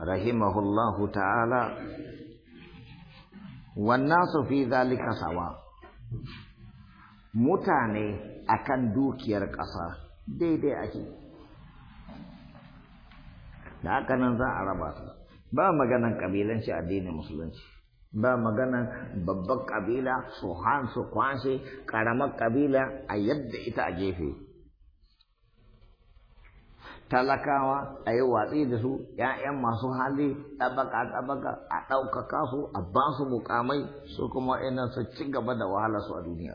rahimahullahu ta'ala nasu fi zalika sawa mutane akan dukiyar ƙasa daidai ake da haka nan za a raba su ba maganan ƙabilanci addinin musulunci ba maganan babban ƙabila su han su kwashe ƙaramar ƙabila a yadda ita a gefe talakawa a yi watsi da su ‘ya'yan masu hali ɗabaka-ɗabaka a ɗaukaka su a ba su mukamai su kuma ina su ci gaba da wahala su a duniya.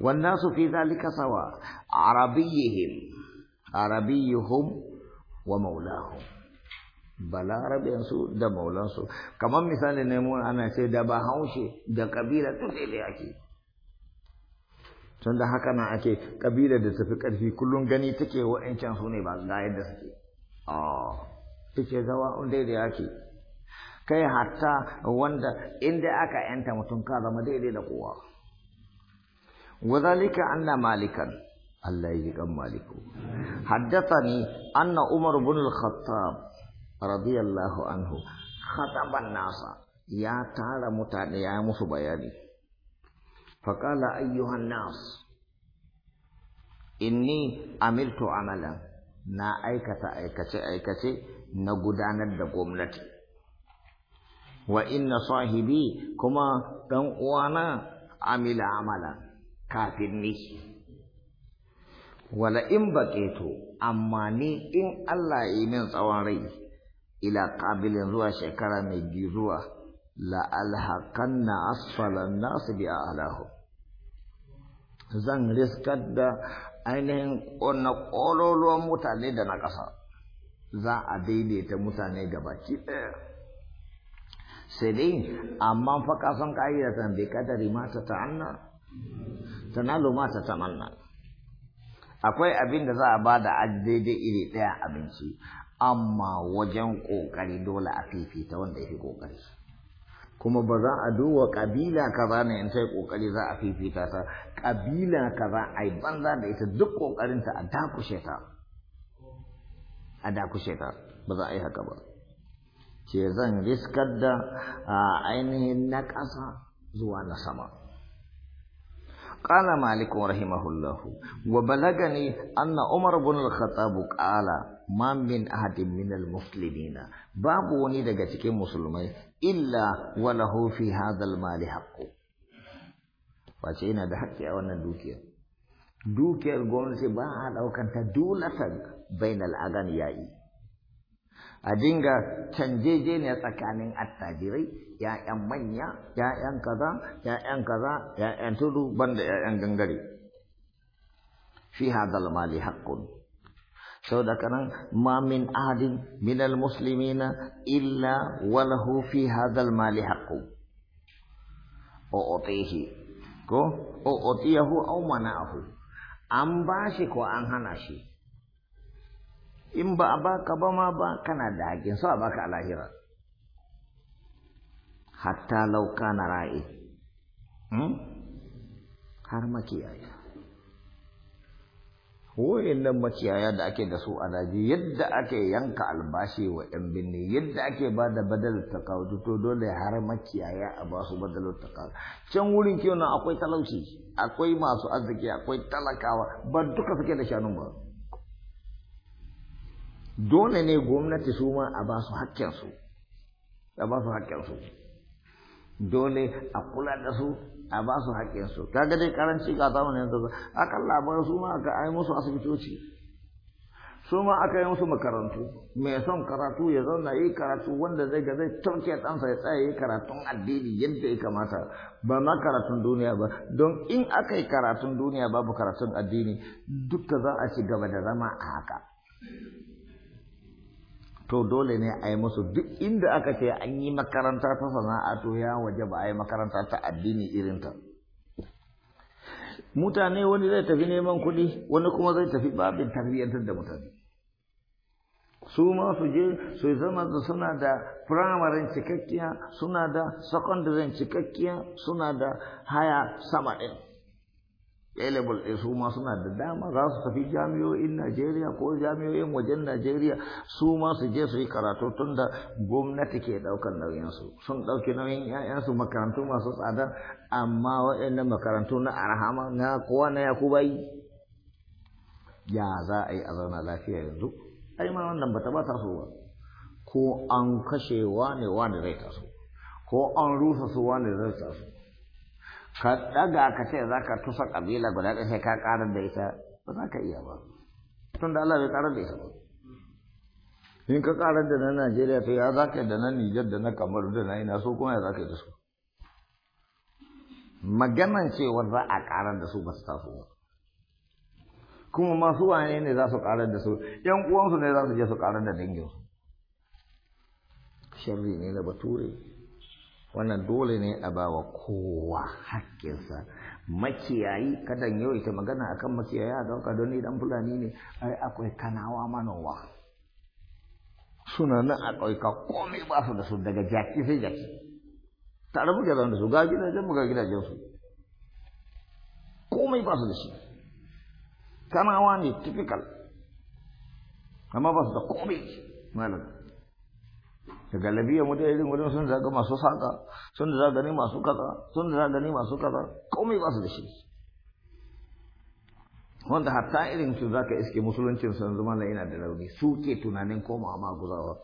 wannan su fi zalika sawa arabiyyihim arabiyyuhum wa maulahum su da maulansu kamar misali ne mun ana ce da bahaushe da kabila tufe da yake tun da haka nan ake kabilar da tafi karfi kullum gani take wa'ancan su ne ba ga yadda suke take zawa un daidai ake kai hatta wanda inda aka yanta mutum ka zama daidai da kowa وذلك أن مالكا الله يجزيكم مالك حدثني أن عمر بن الخطاب رضي الله عنه خطب الناس يا تارا متعني musu bayani. فقال أيها الناس إني عملت عملا نا أيكة أيكة أيكة نقدان الدقوم لتي وإن صاحبي كما تنقوانا عمل عملا كافرني ولئن بقيت أما ني إن الله إمن صواري إلى قابل زوا شكرا مجي زوا لألحقن أسفل الناس بأعلاهم zan riskar da ainihin wannan ƙololuwan mutane da na ƙasa za a daidaita mutane da baki ɗaya sai dai amma fa kasan ka'ida ta bai kadari mata ta ta'anna tanalu ma ta tamanna akwai abin da za a ba da daidai iri ɗaya abinci amma wajen ƙoƙari dole a fifita wanda ya fi ƙoƙari kuma ba za a duba kabila kaza ne in sai kokari za a fifita ta kabila kaza yi banza da ita duk kokarin ta a dakushe ta a dakushe ta ba za a yi haka ba ce zan riskar da ainihin na ƙasa zuwa na sama قال مالك رحمه الله وبلغني أن عمر بن الخطاب قال ما من أحد من المسلمين باب وني daga cikin musulmai illa wa lahu fi hadhal mali haqqu wace ina da haƙƙi a wannan dukiyar dukiyar gwamnati ba a ɗaukan ta dulatan bainal agan yayi a dinga canjeje ne tsakanin attajirai ya'yan manya ya'yan kaza ya'yan kaza ya'yan tudu banda ya'yan gangare fi hadhal mali haqqun saboda mamin ma min ahadin minal muslimina illa walahu fi hadal mali haqqu o otihi ko o otiyahu au manahu an bashi ko an hana shi in ba a baka ba ma ba kana da hakin so a baka a lahira hatta lauka na ra'i hmm? har makiyaya nan makiyaya da ake da su a daji yadda ake yanka albashi wa yan binne yadda ake ba da badal takawutu to dole har maciyaya a ba su badal takawutu can wurin kiwon nan akwai talauci akwai masu arziki akwai talakawa ba duka suke da shanun ba dole ne gwamnati su ma a ba su su a ba su su dole a kula da su a ba su haƙƙinsu kaga dai karanci ga zamanin yanzu aka labar su ma aka ai musu asibitoci su ma aka yi musu makarantu mai son karatu ya zauna yi karatu wanda zai ga zai tauke ɗansa ya tsaya yi karatun addini yadda ya kamata ba ma karatun duniya ba don in aka yi karatun duniya babu karatun addini duka za a ci gaba da zama a haka to dole ne a yi musu duk inda aka ce an yi makaranta ta sana'atu ya waje ba a yi makaranta ta addini irinta mutane wani zai tafi neman kuɗi wani kuma zai tafi babin tarbiyyantar da mutane su ma su je su zama da suna da firamarin cikakkiya suna da sakandaren cikakkiya suna da haya sama ɗin A-level ɗin su ma suna da dama za su tafi jami'o'in Najeriya ko jami'o'in wajen Najeriya su ma su je su yi karatu tun da gwamnati ke ɗaukar nauyinsu sun ɗauki nauyin 'ya'yansu makarantu masu tsada amma waɗannan makarantu na arhama na kowa na yakubai ya za a yi a zauna lafiya yanzu ai ma wannan bata ba taso ba ko an kashe wane wane zai taso ko an rusa su wane zai taso ka daga ka ce za ka tusa ƙabila guda ɗaya sai ka ƙarar da ita ba za ka iya ba tun da Allah bai ƙarar da ita ba in ka ƙarar da na Najeriya to ya za ka da na Nijar da na Kamaru da na ina so kuma ya za ka yi da su maganan cewa za a ƙarar da su ba su taso ba kuma masu wane ne za su ƙarar da su ‘yan uwansu ne za su je su ƙarar da danginsu shirri ne na bature wannan dole ne a bawa kowa hakkinsa makiyayi kadan yau ita magana akan makiyayi a dauka don ni dan fulani ne ai akwai kanawa manowa suna nan a ƙauyuka komai ba su da su daga jaki sai jaki tare muke zan da su ga gidajen mu ga gidajen su komai ba su da shi kanawa ne typical amma ba su da komai malam da galabiya ya mutu irin wurin sun zaga masu saka sun da zaga masu kaza sun da zaga ne masu kaza komai ba su da shi wanda hatta irin su zaka iske musuluncin sun zama na ina da rauni su ke tunanin koma ma guzawa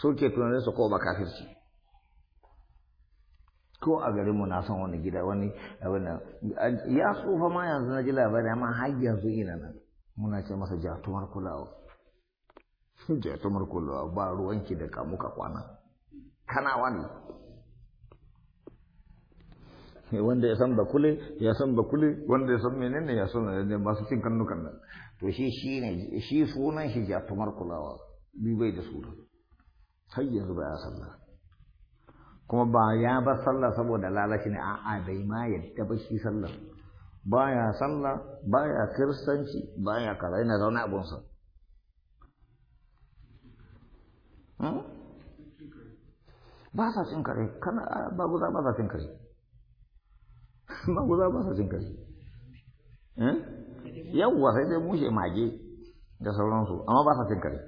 su ke tunanin su koma kafirci ko a garin mu na san wani gida wani abin ya tsufa ma yanzu na ji labari amma har yanzu ina nan muna ce masa jatumar kulawa ya tumar murkulla ba ruwanki da kamu ka kwana kana wani wanda ya san bakule ya san bakule wanda ya san menene ya san da masu cin karnukan nan to shi ne shi sunan shi ya tumar kulawa bi bai da sura sai yanzu ba ya sallah kuma ba ya ba sallah saboda lalashi ne a'a bai ma yadda ba shi sallah ya sallah baya kiristanci ya kaza yana zaune abunsa Hmm? ba sa cin kare kana guza ba sa cin kare guza ba sa cin kare hmm? yawwa sai dai mushe mage da sauransu amma ba sa cin kare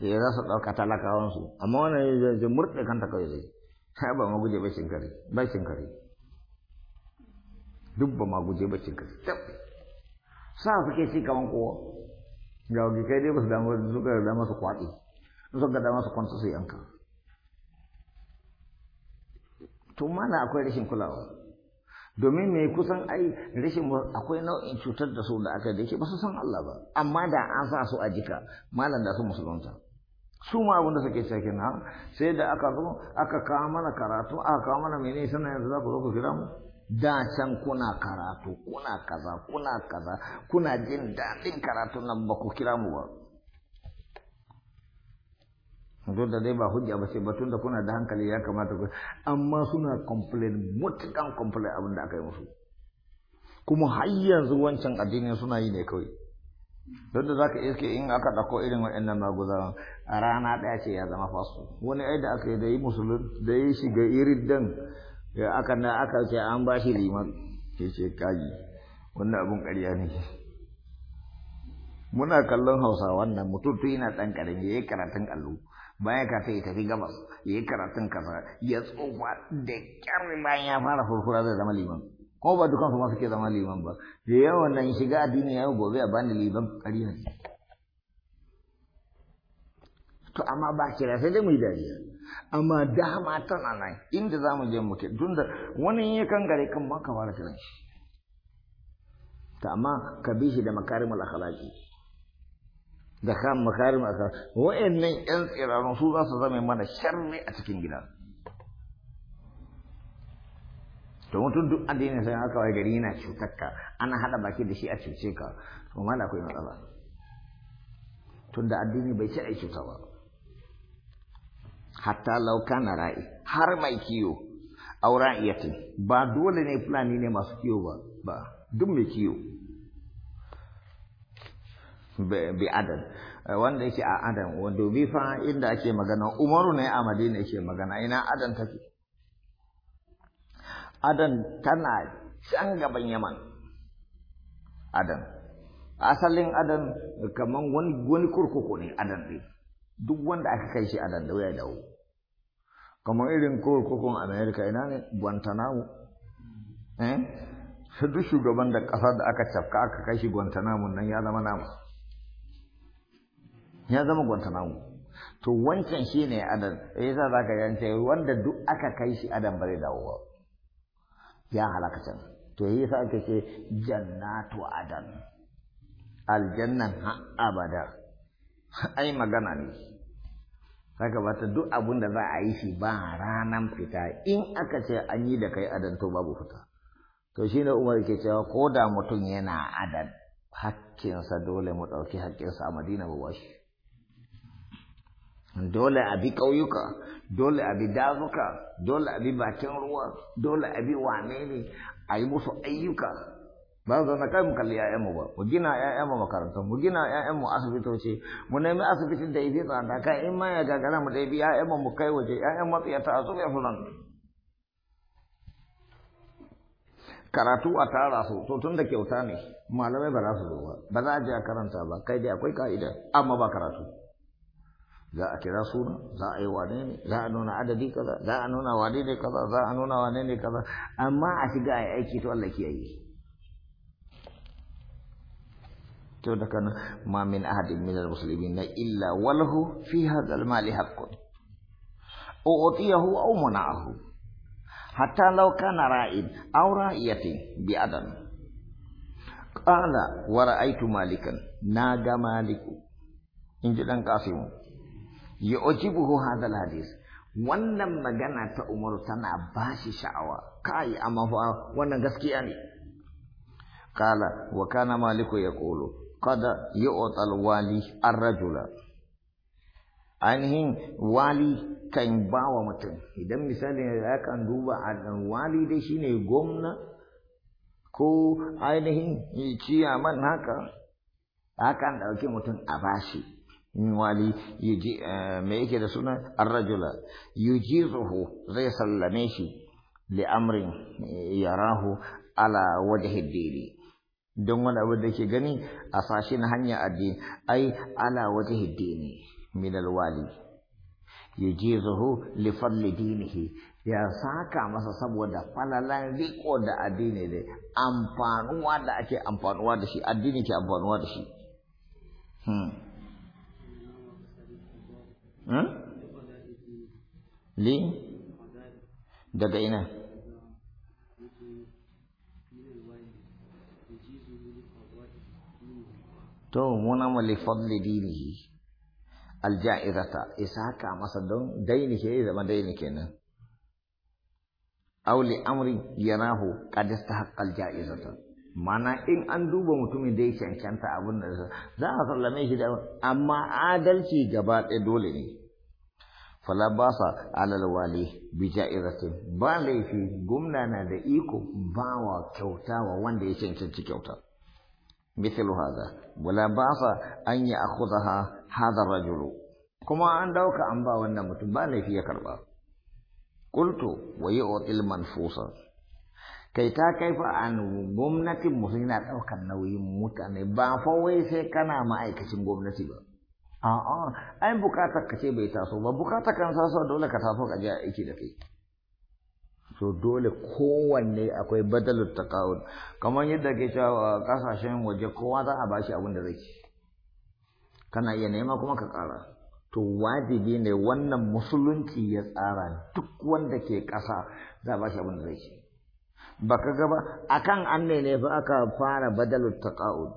ya eh, za su ɗauka talakawansu amma wannan ya zai murɗe kanta kawai zai sai ba maguje ba shinkari ba shinkari duk ba maguje ba shinkari kare sa suke ci kaman kowa ga kai dai ba su damu su da masu su suka da masu kwanta su yanka tun mana akwai rashin kulawa domin mai kusan ai rashin akwai nau'in cutar da su da aka da yake ba su san Allah ba amma da an sa su a jika malam da su musulunta su ma abin suke cikin na sai da aka zo aka kawo mana karatu aka kawo mana mene sannan yanzu za ku zo ku kira mu da can kuna karatu kuna kaza kuna kaza kuna jin daɗin karatu nan ba ku kira mu ba duk da dai ba hujja ba sai batun da kuna da hankali ya kamata ku amma suna complain mutukan complain abin da aka yi musu kuma har yanzu wancan addinin suna yi ne kawai don da zaka iske in aka dauko irin waɗannan maguza a rana ɗaya ce ya zama fasu wani ai da aka yi da yi musulun da yi shiga irin dan ya aka na aka ce an ba shi liman ke ce kaji wannan abun ƙarya ne muna kallon hausa wannan mutum tun yana ɗan ƙarami ya yi karatun allo bayan ka ya tafi gabas ya yi karatun kasa ya tsufa da ƙyar bayan ya fara furfura zai zama liman ko ba dukansu ma suke zama liman ba da na nan shiga addini yi gobe a bani liman ƙarya ne to amma ba kira sai dai mu yi dariya amma dama tana nan inda za mu je muke tun da wani ya kan gare kan ma ka fara kiran shi ta amma ka bi shi da makarimul akhlaqi da kan makarim akhlaqi wa'annan yan tsirarun su za su zama mana sharri a cikin gida to mutum duk addinin sai aka wai gari yana cutar ka ana hada baki da shi a cuce ka to mala akwai matsala tunda addini bai ce ai cuta ba hatta lauka na ra'i har mai kiyo aura iyatin ba dole ne fulani ne masu kiyo ba ba duk mai kiyo bi adam wanda yake a adam wanda bi fa inda ake magana umaru ne a madina yake magana ina adam take adam tana can gaban yaman adam asalin adam kaman wani wani kurkuku ne adam ɗin duk wanda aka kai shi a da ya dawo kamar irin kowai kokon america ina ne guantanamo eh duk shugaban da kasar da aka cafka aka kai shi guantanamo nan ya zama nama ya zama guantanamo to wancan shi ne adam eh, sa za ka yance wanda duk aka kai shi adam bare ba? ya halaka can to ya sa ake ce jannatu adam aljannan abada ai magana ne kaga bata duk abun da za a yi shi ba ranan fita in aka ce an yi da kai adan to babu fita to shine Umar ke cewa ko da mutum yana adan hakkinsa dole mu ɗauki hakkinsa a Madina mu shi. dole a bi ƙauyuka dole a bi dazuka dole a bi bakin ruwa dole a bi wane ne a yi musu ayyuka ba mu zauna kai mu kalli ƴaƴanmu ba mu gina ƴaƴanmu makarantar mu gina ƴaƴanmu asibitoci mu nemi asibitin da yafi tsada kai in ma ya gagara mu bi ƴaƴanmu mu kai waje ƴaƴan matsiyata a zuba ya fulan karatu a tara su to tun da kyauta ne malamai ba za su zo ba ba za a je a karanta ba kai dai akwai ka'ida amma ba karatu za a kira suna za a yi wane ne za a nuna adadi kaza za a nuna wane ne kaza za a nuna wane ne kaza amma a shiga a yi aiki to Allah yi to da kan ma min ahadin min almuslimin illa walahu fi hadha almal haqqun u'tiyahu aw mana'ahu hatta law kana ra'in aw ra'iyatin bi adam qala wa ra'aytu malikan naga maliku in ji dan kasimu ujibuhu hadha alhadith wannan magana ta Umar tana bashi sha'awa kai amma fa wannan gaskiya ne wa kana ya yaqulu قد wali الوالي الرجل ainihin wali kan ba wa mutum idan misali ya kan duba a wali dai shine gwamna ko ainihin man haka akan ɗauki mutum a bashi in wali me yake da suna arrajula yujizuhu zai sallame shi li'amrin yarahu ala wajhi don wani abu da ke gani a sashi na hanya addini ai ala wata hiddini min alwali yujizuhu zuhu fadli dinihi ya saka masa saboda falalan riko da addini da amfanuwa da ake amfanuwa da shi addini ke amfanuwa da shi hmm. Hmm? li daga ina to muna mali fadli dinihi aljaizata isa haka masa don daini ke zama daini kenan aw li amrin yanahu qad istahaqqa ja'izata mana in an duba mutumin da ya cancanta abin da za a sallame shi da amma adalci gaba ɗaya dole ne fala ba alal wali bi ja'iratin ba laifi gumna na da iko wa kyauta wa wanda ya cancanci kyauta مثل هذا ولا بأس أن يأخذها هذا الرجل كما أن دوك أنبا والنمت بالي في كربا قلت ويؤتي المنفوس kai ta kai fa an gwamnatin mu yana ɗaukar nauyin mutane ba fa wai sai kana ma'aikacin gwamnati ba a'a ai bukatar ka ce bai taso ba bukatar kan sasa dole ka taso ka je aiki da kai so dole kowanne akwai badalar takawun kamar yadda ke cewa kasashen waje kowa za a bashi abin da zai ci kana iya nema kuma ka kara to wajibi ne wannan musulunci ya tsara duk wanda ke ƙasa za a bashi abin da zai ci baka gaba akan an ne ne fa aka fara badalar takawun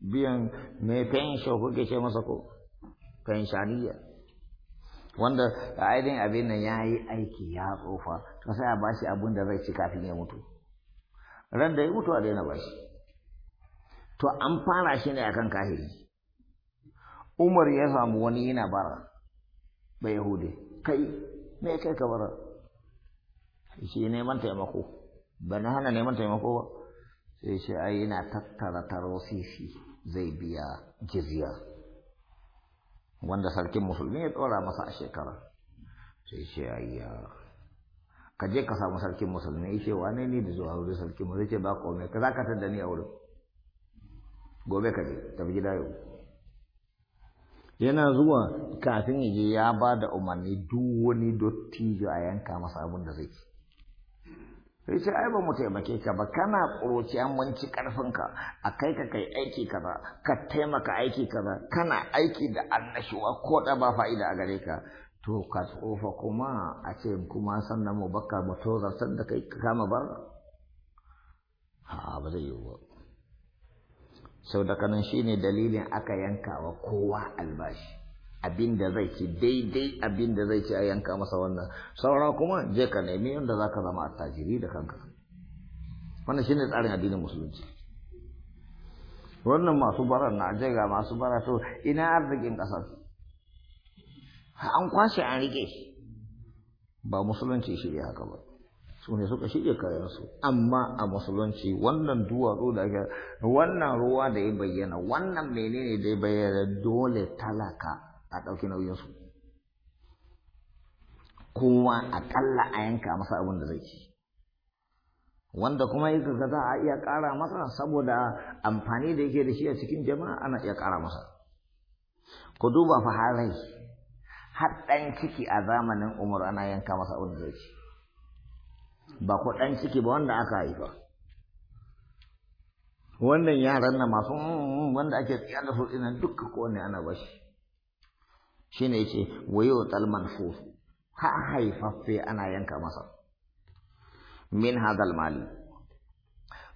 biyan mai fensho kuke ce masa ko fenshaniya wanda a ainihin abin nan ya yi aiki ya tsofa to sai a shi abin da zai ci kafin ya mutu ran da ya mutu a daina shi to an fara shi ne akan kahiri umar ya samu wani yana bara bai yahudi kai me kai ka bara shi neman taimako ba na hana neman taimako ba sai shi ai yana tattara tarosisi zai biya jizya wanda sarkin musulmi ya tsora masa a shekara sai ce ayya ka je ka samu sarkin musulmi ya ce wane ne da zuwa wurin sarkin musulmi ce ba kome ka za ka tada ni a wurin gobe ka je tafi gida yau yana zuwa kafin ya ya ba da umarni duk wani dottijo a yanka masa abin da zai ci sai ce ai ba mu taimake ka ba kana ƙuruciya mun ci ƙarfinka a kai ka kai aiki kaza ka taimaka aiki kaza kana aiki da annashuwa ko da ba fa'ida a gare ka to ka tsofa kuma a ce kuma sannan mu baka to zartar da kai kama bar ha ba zai yiwu ba sau da kanan shine dalilin aka yanka wa kowa albashi abin da zai ci daidai abin da zai ci a yanka masa wannan saura kuma je ka nemi yadda za ka zama attajiri da kanka wannan shine tsarin addinin musulunci wannan masu bara na je ga masu bara to ina arzikin ƙasar an kwashe an rike ba musulunci shi ya haka ba su ne suka shirya kayansu amma a musulunci wannan duwatsu da ake wannan ruwa da ya bayyana wannan menene da ya bayyana dole talaka a ɗauki nauyinsu kowa aƙalla a yanka masa abin da zai ci wanda kuma yi ga za a iya ƙara masa saboda amfani da yake da shi a cikin jama'a ana iya ƙara masa ku duba fa har ɗan ciki a zamanin umar ana yanka masa abin da zai ci ba ku ɗan ciki ba wanda aka haifa wannan yaran na masu mm, mm, mm, wanda ake tsaye da su ina duka kowane ana bashi ne ce wayo talman manfus ha haifaffe ana yanka masa min hadal mali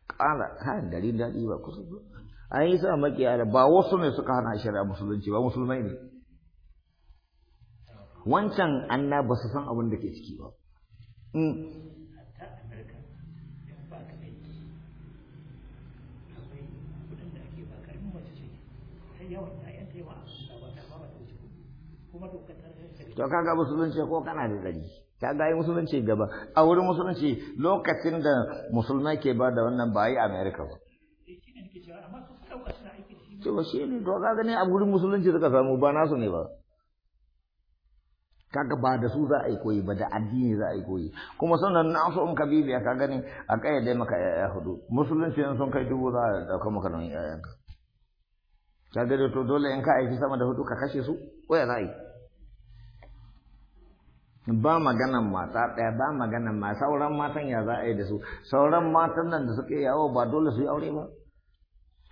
qala ha gari dadi ba kusa an yi sa makiyara ba wasu ne suka hana shari'a musulunci ba musulmai ne wancan anna ba su san abin da ke ciki ba yawan hmm. to kaga musulunci ko kana da dari kaga yi musulunci gaba a wurin musulunci lokacin da musulmai ke ba da wannan ba yi america ba eh, to ba shi ne to kaga ne a wurin musulunci suka samu ba nasu ne ba kaga ba da su za a yi koyi ba da addini za a yi koyi kuma sannan na so in bibiya ka gani a kayyade maka yaya hudu musulunci sun kai dubu za a dauka maka nauyin yanka. Ka da to dole in ka aiki sama da hudu ka kashe su Wai za ba maganan mata ɗaya ba maganan ma sauran matan ya za a yi da su sauran matan nan da suke yawo ba dole su yi aure ba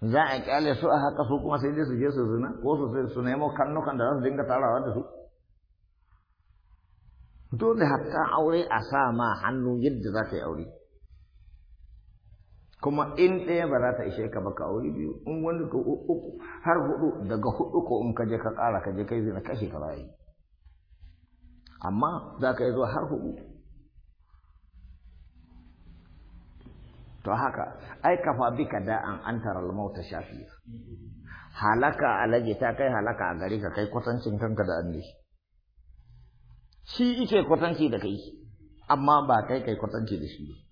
za a kyale su a haka su kuma sai dai su je su zina ko su su nemo karnukan da za su dinga tarawa da su dole hatta aure a sa ma hannu yadda za ka yi aure kuma in ɗaya ba za ta ishe ka ba ka aure biyu in wani ka uku har hudu daga hudu ko in ka je ka ƙara ka je kai zina kashe ka za yi amma za ka yi zuwa har hudu to haka ai kafa bi ka da'an an antara mauta shafi halaka lage ta kai halaka a gari ka kai kwatancin kanka da annabi shi ike kwatanci da kai amma ba kai kai kwatanci da shi ba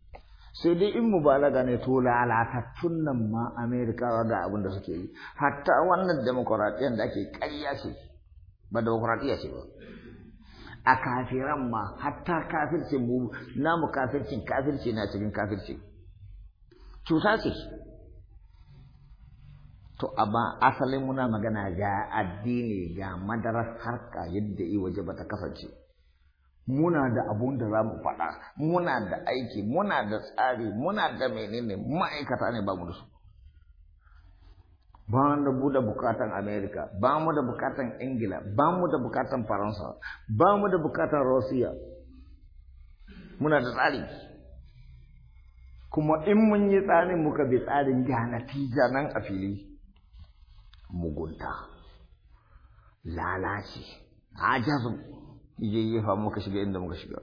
sai dai in mubalaga ne to lalatattun nan ma amerika ga abin da suke yi hatta wannan demokuraɗiyan da ake ƙarya ce ba demokuraɗiyya ce ba a kafiran ma hatta kafircin mu namu kafircin kafirci na cikin kafirci cuta ce to amma asalin muna magana ga addini ga madarar harka yadda iwaje waje ba ta kasance muna da abun da za mu faɗa muna da aiki muna da tsari muna da menene ma'aikata ne ba mu da su ba mu da bukatan amerika ba mu da bukatan ingila ba mu da bukatan faransa ba mu da bukatan Russia. muna da tsari kuma in mun yi tsarin muka bi tsarin ga natija nan a fili mugunta lalace ajazu yayyafa muka shiga inda muka shiga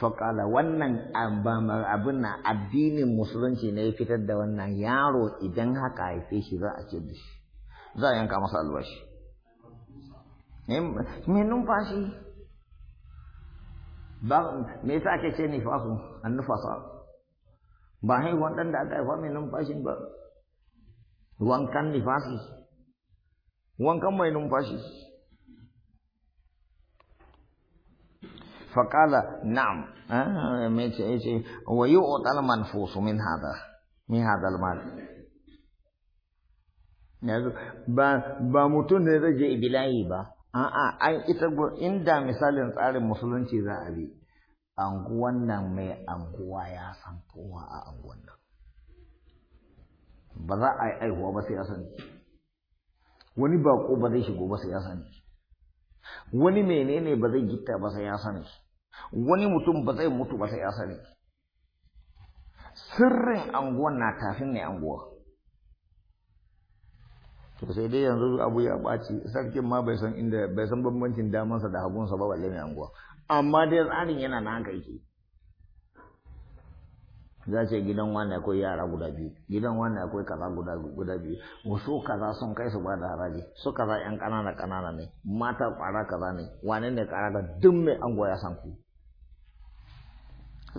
faƙala wannan abin na addinin musulunci ne ya fitar da wannan yaro idan haka haife shi za a ce da shi za a yanka masa albashi me numfashi ba me yasa ake ce ni fasu an nufasa ba hai ɗan da aka haifa me numfashin ba wankan nifasi wankan mai numfashi faƙala na'am ah, mai ce ya ce wa yi otal manfusu min hada min hada mal yanzu ba ba mutum ne zai je ibilayi ba a'a an ita inda misalin tsarin musulunci za a bi anguwan nan mai anguwa ya san kowa a anguwan nan ba za a yi aihuwa ba sai ya san wani bako ba zai shigo ba sai ya sani wani menene ba zai gitta ba sai ya sani wani mutum ba zai mutu ba sai ya sani sirrin anguwan na tafin ne anguwa to sai dai yanzu abu ya ɓaci sarkin ma bai san inda bai san bambancin damansa da hagunsa ba balle mai anguwa amma dai tsarin yana nan haka yake za ce gidan wani akwai yara guda biyu gidan wani akwai kaza guda guda biyu wasu kaza sun kai su ba da haraji su kaza yan kanana kanana ne mata kwara kaza ne wane ne kara ga duk mai an goya san ku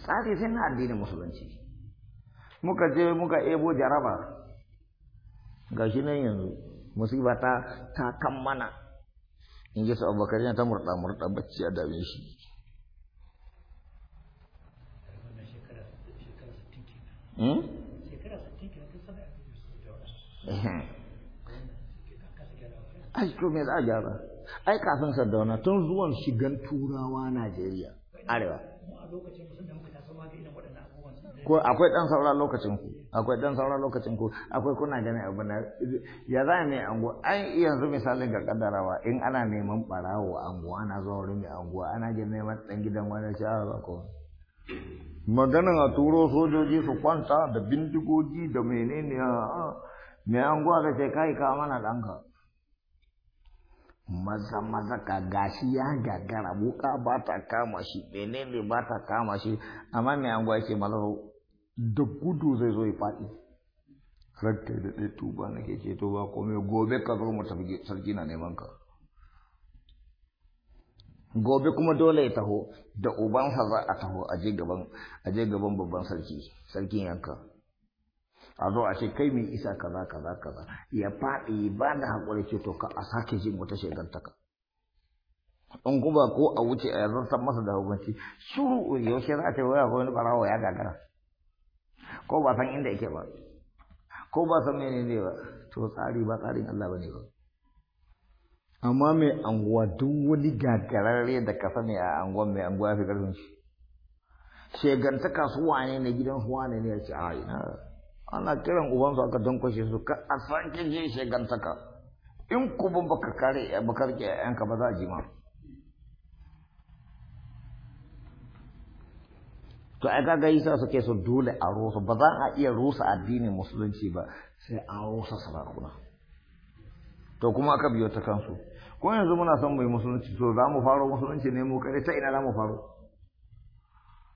tsari sai na addinin musulunci muka je muka ebo jaraba ga shi nan yanzu musiba ta ta kammana in ji su yana ta murɗa murɗa bacci a dame shi Hmm? ai to za a gyara ai kafin sardauna tun zuwan shigan turawa najeriya arewa ko akwai dan saura lokacin ku akwai dan saura lokacin ku akwai kuna ganin abu na ya za angu ango ai yanzu misalin ga kaddarawa in ana neman barawo angu, ana zuwa wurin mai angu, ana gina neman ɗan gidan wani ba ko maganan a turo sojoji su kwanta da bindigogi da menene a mai anguwa da ce kai ka mana ɗanka maza maza ka gashi ya gagara wuka ba ta kama shi menene ba ta kama shi amma mai anguwa yake malaro da gudu zai zo ya faɗi ranka da ɗaya tuba na ke ceto ba komai gobe ka zo mu sarki na neman ka gobe kuma dole ya taho da ubansa za a taho a je gaban a je gaban babban sarki sarkin yanka a zo a ce kai mai isa kaza kaza kaza ya faɗi ba da haƙuri ce to ka a sake jin wata shegantaka in guba ko a wuce a yanzu san masa da hukunci shuru yaushe za a ce waya wani rawa ya gagara ko ba san inda yake ba ko ba san menene ba to tsari ba tsarin Allah bane ba amma mai anguwa duk wani gagararre da ka sani a anguwa mai anguwa ya fi karfin shi shegarta kasuwa ne na gidan suwa ne ya ce a ina ana kiran ubansu aka kwashe su ka a sake je ka in kuma baka kare baka rike yanka ba za a ji ma to ai kaga yasa suke so dole a rusa ba za a iya rusa addinin musulunci ba sai an rusa sarakuna to kuma aka biyo ta kansu ko yanzu muna son mu yi musulunci so za mu faro musulunci ne mu kare ta ina za mu faro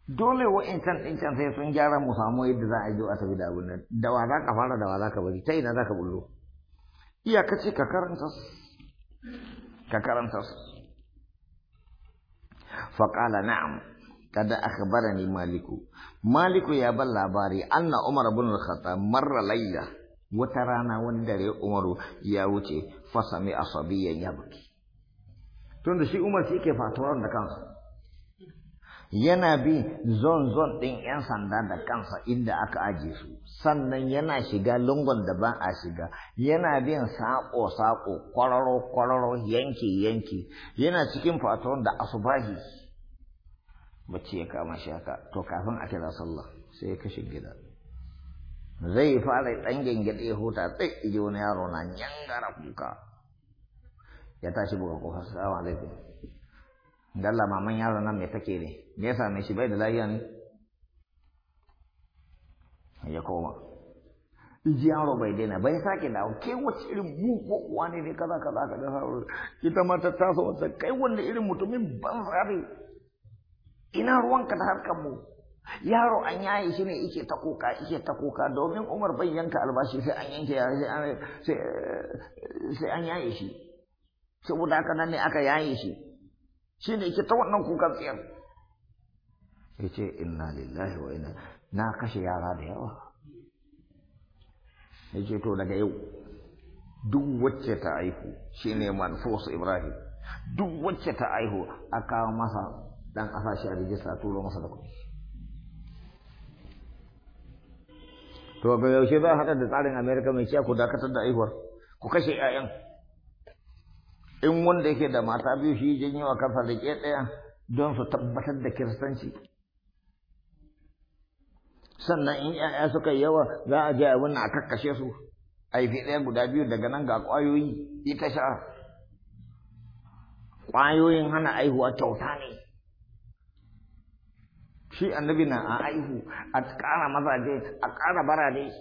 dole wa'incan ɗin can sai sun gyara mu samu yadda za a yi a tafi da abin nan da wa za ka fara da wa za ka bari ta ina za ka bullo iyaka ce ka karanta ka karanta su faƙala na'am kada akhbarani maliku maliku ya ban labari anna umar ibn al-khattab marra wata rana wani dare umaru ya wuce fasami asabiyan ya buki tun da shi umar shi ke fatuwar da kansa yana bi zon zon ɗin 'yan sanda da kansa inda aka aje su sannan yana shiga lungon da ba a shiga yana bin saƙo-saƙo kwararo-kwararo yanki-yanki yana cikin fatuwar da asubahi bacci ya kama shi haka to kafin a kira sallah sai ya kashe gida zai fara ɗan gyangyaɗe huta tsik iji wani yaro na nyangara kuka ya tashi buga kofa salamu alaikum dalla maman yaro nan mai take ne me ya same shi bai da lafiya ne ya koma iji yaro bai daina bai sake dawo. ke wace irin mu ko ne ne kaza kaza ka da sauro ita ma ta taso wata kai wanda irin mutumin ban tsari ina ruwanka da harkar mu yaro an yaye shi ne yake ta kuka yake ta kuka domin Umar bai yanka albashi sai an yanke sai an yaye shi saboda haka nan ne aka yaye shi shi ne yake ta wannan kukan tsayar ya ce inna lillahi wa inna na kashe yara da yawa ya ce to daga yau duk wacce ta aihu shi ne manfos ibrahim duk wacce ta aihu a kawo masa dan asashi a rijista turo masa da kuɗi to yaushe za haɗa da tsarin amerika mai ciya ku dakatar da aihuwar ku kashe 'ya'yan in wanda yake da mata biyu shi janyo a kansa da ke ɗaya don su tabbatar da kiristanci sannan in 'ya'ya suka yi yawa za a je abin a kakkashe su a yi ɗaya guda biyu daga nan ga ƙwayoyi ita sha ƙwayoyin hana aihuwa kyauta ne shi annabi na a aihu a ƙara mazaje a ƙara barane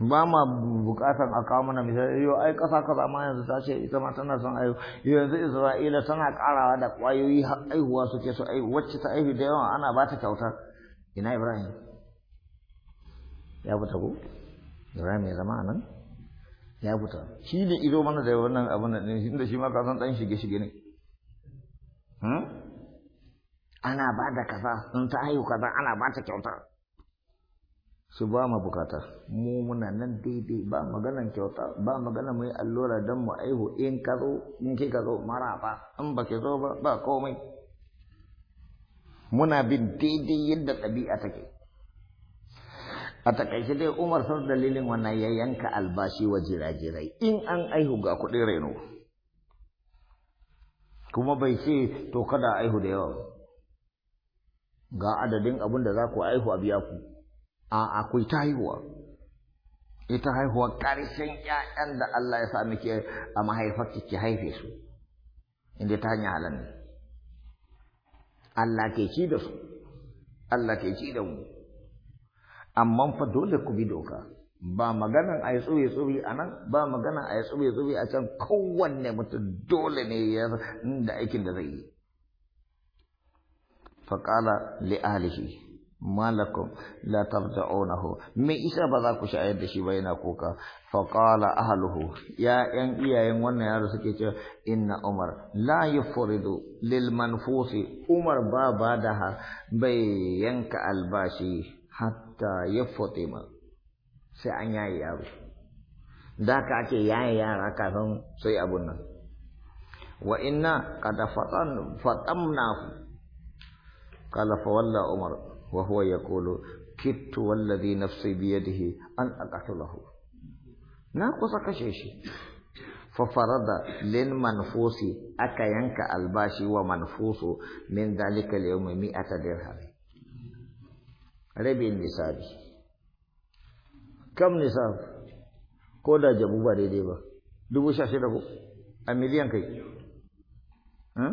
ba ma bukatar a kawo mana misali yau ai ƙasa kaza ma yanzu ta ce ita ma tana son aihu yanzu isra'ila tana ƙarawa da ƙwayoyi har aihuwa suke so aihu wacce ta aihu da yawa ana ba ta kyauta ina ibrahim ya fita ko ibrahim ya zama a nan ya fita shi ne ido mana da wannan abin da shi ma ka san ɗan shige-shige ne hmm? ana ba da kaza in ta haihu kaza ana ba ta kyauta su ba mu bukata mu muna nan daidai ba maganan kyauta ba maganan mai allura don mu aihu in ka zo in ka zo mara ba in ba ke zo ba ba komai muna bin daidai yadda ɗabi'a take a takaice dai umar sau dalilin wannan ya yanka albashi wa jirajirai in an aihu ga kuɗin reno kuma bai ce to kada aihu da yawa ga adadin abin da za ku haihu a biya ku a akwai ta haihuwa ita haihuwa ƙarshen ƴaƴan da Allah ya sa miki a mahaifar ki haife su inda ta hanyar halal ne Allah ke ci da su Allah ke ci da mu amma fa dole ku bi doka ba maganan a yi tsubi tsubi a nan ba maganan a yi tsubi tsubi a can kowanne mutum dole ne ya da aikin da zai yi faƙala li ahlihi malakum la tarja'unahu me isa ba za ku shayar da shi ba yana kuka faqala ahluhu ya yan iyayen wannan yaro suke cewa inna umar la yufridu lil manfusi umar ba ba da bai yanka albashi hatta yafutima sai an yayi yaro da ka ake yaye yara kafin sai abun nan wa inna qad fatamna قال فولى عمر وهو يقول كدت والذي نفسي بيده أن أقتله ناقص كشيشي ففرض للمنفوس أكا ينك الباشي ومنفوس من ذلك اليوم مئة درهم ربي النساب كم نساب كودا جابو باري ديبا دوبو شاشي دبو أميليان كي ها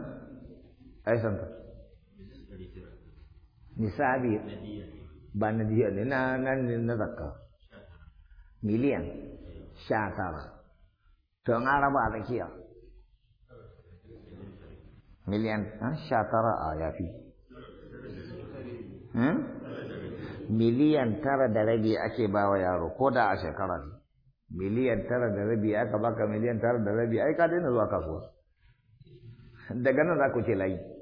أي سنتر nisabi ba na jiya ne na na zakka miliyan sha tara to an raba a tsakiya miliyan sha tara a yafi miliyan tara da rabi ake ba wa yaro ko da a shekara ne miliyan tara da rabi aka baka miliyan tara da rabi ai ka daina zuwa kasuwa daga nan za ku ce layi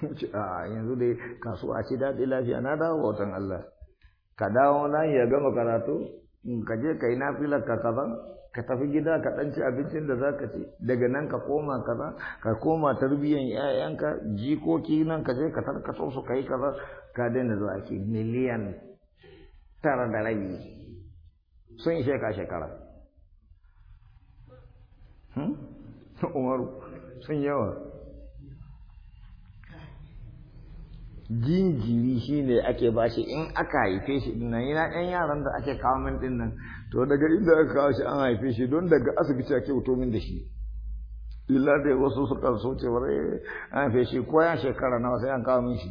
a yanzu dai kasuwa ce daɗi lafiya na dawo bautan Allah ka dawo nan ya gama karatu ka je ka yi nafilar ka kaza ka tafi gida ka ɗan ci abincin da za ka ci daga nan ka koma kaza ka koma tarbiyyan 'ya'yanka jikoki nan ka je ka tarkato su ka yi kaza ka daina zuwa ki miliyan tara da rabi sun ishe ka shekara hmm? umaru sun yawa jinjiri ne ake bashi in aka haife shi din nan yana ɗan yaran da ake kawo min din nan to daga inda aka kawo shi an haife shi don daga asibiti ake wuto min da shi illa dai wasu suka so cewar eh, an haife shi ko ya shekara nawa sai an kawo min shi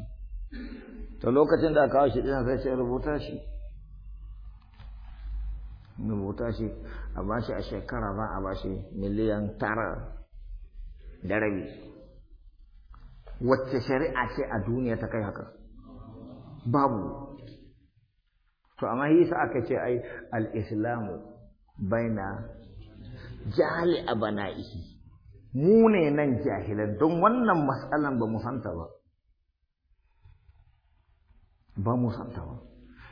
to lokacin da aka kawo shi din sai ce rubuta shi rubuta shi a bashi a shekara ba a bashi miliyan tara da rabi wacce shari'a ce a duniya ta kai haka babu to amma sa aka ce ai al-islamu baina jahili a bana'ihi mu ne nan jahilan don wannan matsalan ba mu santa ba ba mu santa ba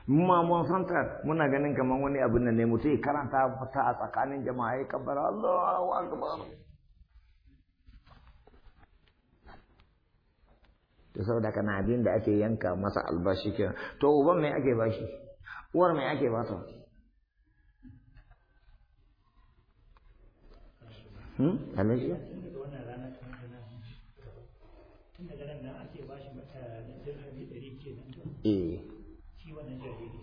ma mun santa muna ganin kamar wani abin da ne mutum karanta ta a tsakanin jama'a ya kabbara Allahu akbar to saboda kana abin da ake yanka masa albashi kenan to uban me ake bashi uwar me ake ba ta hmm alaji eh.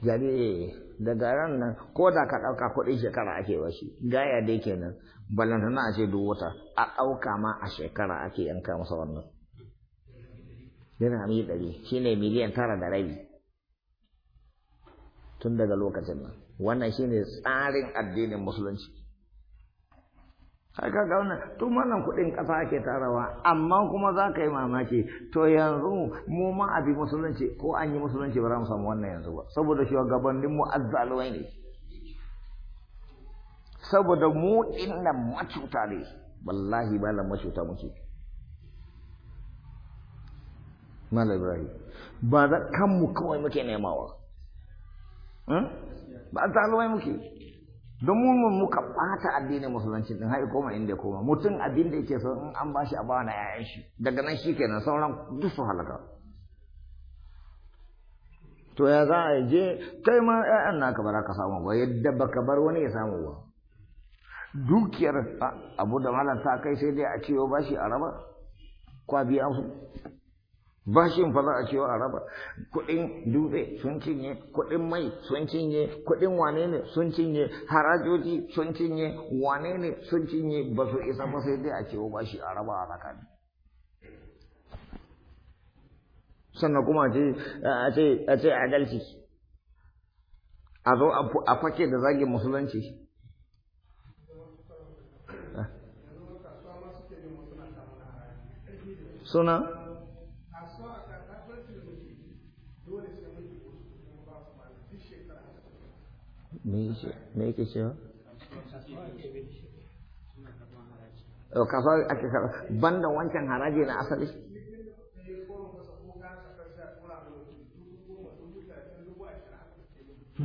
jariri eh. daga ran nan ko da ka ɗauka kuɗin shekara ake washi gaya dai kenan ballantana a ce duk wata a ɗauka ma a shekara ake yanka masa wannan dirhami ɗari shi ne miliyan tara da rai tun daga lokacin nan wannan shi ne tsarin addinin musulunci haka ga wannan tun wannan kuɗin ƙasa ake tarawa amma kuma za ka yi mamaki to yanzu mu ma abi musulunci ko an yi musulunci ba za mu samu wannan yanzu ba saboda shi gabanin mu azzalumai ne saboda mu inna macuta ne wallahi ba macuta muke Malam ibrahim ba za kanmu kawai muke nemawa ba kawai hmm? muke don mu muka ɓata addinin musulunci din haɗe koma inda koma mutum abin da yake so in an ba shi a bawa na yayan shi daga nan shi kenan sauran duk su halaka to ya za a je kai ma yayan naka ba za ka samu ba yadda baka bar wani ya samu ba dukiyar abu da malam ta kai sai dai a ciwo ba shi a raba kwa biya su bashin fa za a cewa a raba kuɗin dube sun cinye kuɗin mai sun cinye kuɗin wane ne sun cinye harajoji sun cinye wane ne sun cinye ba su isa ba sai dai a cewa bashi a raba a ne. sannan kuma a ce adalci a zo a fake da zagin musulunci suna me yake cewa kafa ake kafa banda wancan haraji na asali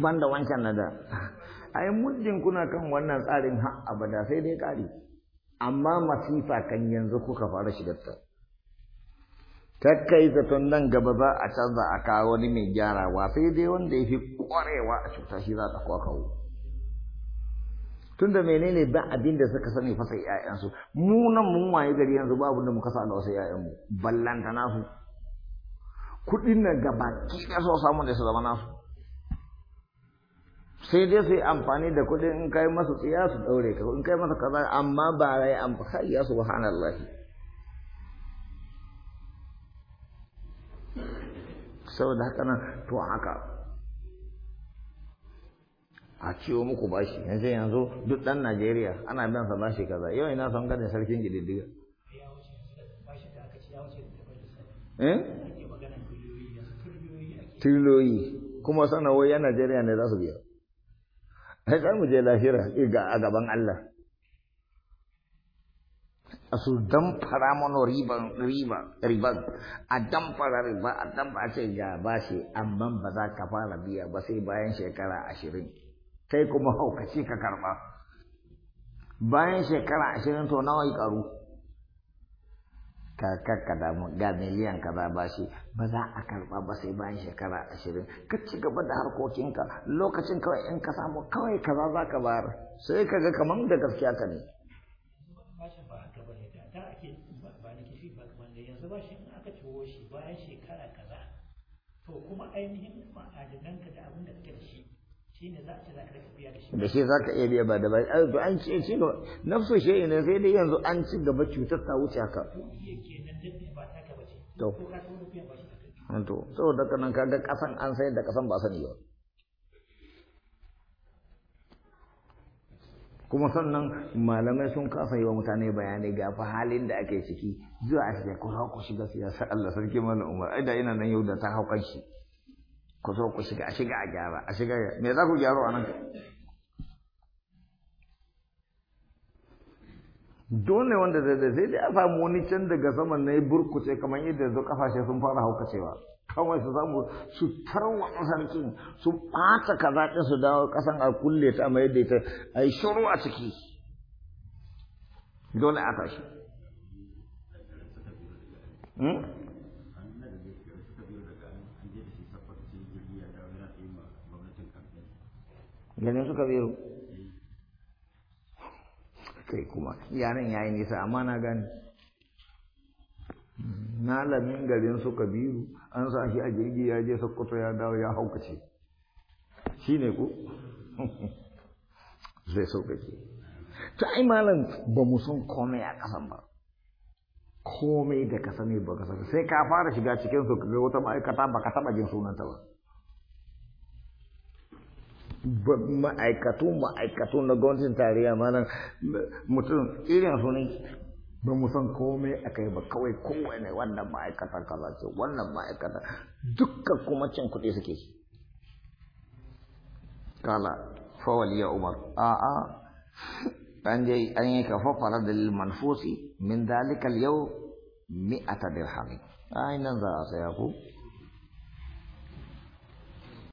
banda wancan na da ai muddin kuna kan wannan tsarin har abada sai dai kari amma masifa kan yanzu kuka fara shigarta kakkai zaton nan gaba za a canza a kawo wani mai gyarawa sai dai wanda ya fi ƙwarewa a cuta shi za a kawo tun da menene ba abin da suka sani fasa ‘ya'yansu mu nan mun waye gari yanzu babu da muka sani wasu ‘ya'yanmu ballanta nasu kuɗin nan gaba kika so samun da su zama nasu sai dai su yi amfani da kuɗin in kai masu tsiya su ɗaure ka in kai masa kaza amma ba rai amfani ya subhanallahi saboda haka nan to haka a ciwo muku bashi yanzu yanzu duk ɗan Najeriya ana bin sa bashi kaza yau ina son gadin sarkin gididdiga eh kuma sanawai yan Najeriya ne za su biya ai mu je lahira a gaban Allah a su damfara mana riban riba riban a damfara riba a damfara ce ga bashi amma ba za ka fara biya ba sai bayan shekara ashirin kai kuma haukaci ka karba bayan shekara ashirin to nawa yi karu ka damu ga miliyan ka za bashi ba za a karba ba sai bayan shekara ashirin ka ci gaba da harkokinka lokacin kawai in ka samu kawai kaza za ka bayar sai ka ga kamar da gaskiya ka ne kuma ainihin ma'adananka da abin da kake da shi shi za a ce ka biya da shi da shi za ka iya biya ba da ba to an ce shi ne nafsu shi ne sai dai yanzu an ci gaba cutar ta wuce haka to iya kenan daɗe ba ta gaba ce to to saboda kana kaga kasan an sai da kasan ba sani ba kuma sannan malamai sun kasa yi wa mutane bayanai ga fa halin da ake ciki zuwa a shiga kusa ku shiga siyasa Allah sarki mana Umar ai da ina nan yau da ta haukan shi kusa ku shiga a shiga a gyara a shiga me za ku gyaro a nan dole wanda zai zai sai a samu wani can daga saman na ya burkuce kamar yadda yanzu kafashe sun fara haukacewa kawai su samu su tarwa sarkin su ɓata kaza ɗin su dawo ƙasan a kulle ta mai da ita a yi shuru a ciki dole a tashi hmm? ganin suka biyu kai kuma yaran yayi nisa amma na gani malamin garin su kabiru an sa shi a jirgi ya je sokoto ya dawo ya haukace shi ne ku zai sauƙaƙe ta ai malam ba mu san komai a ƙasan ba komai da ka sani ba ka sani sai ka fara shiga cikin su wata ma'aikata ba ka taba jin sunanta ba ma'aikatu ma'aikatu na gwamnatin tarayya malam mutum irin su ne ba mu san komai a kai ba kawai kowai ne wannan ma'aikatar kaza ce wannan ma'aikatar dukkan kuma cin kuɗi suke kala fawali ya umar a'a an an yi kafa da manfusi min dalikal yau mi'ata dirhami ai nan za a saya ku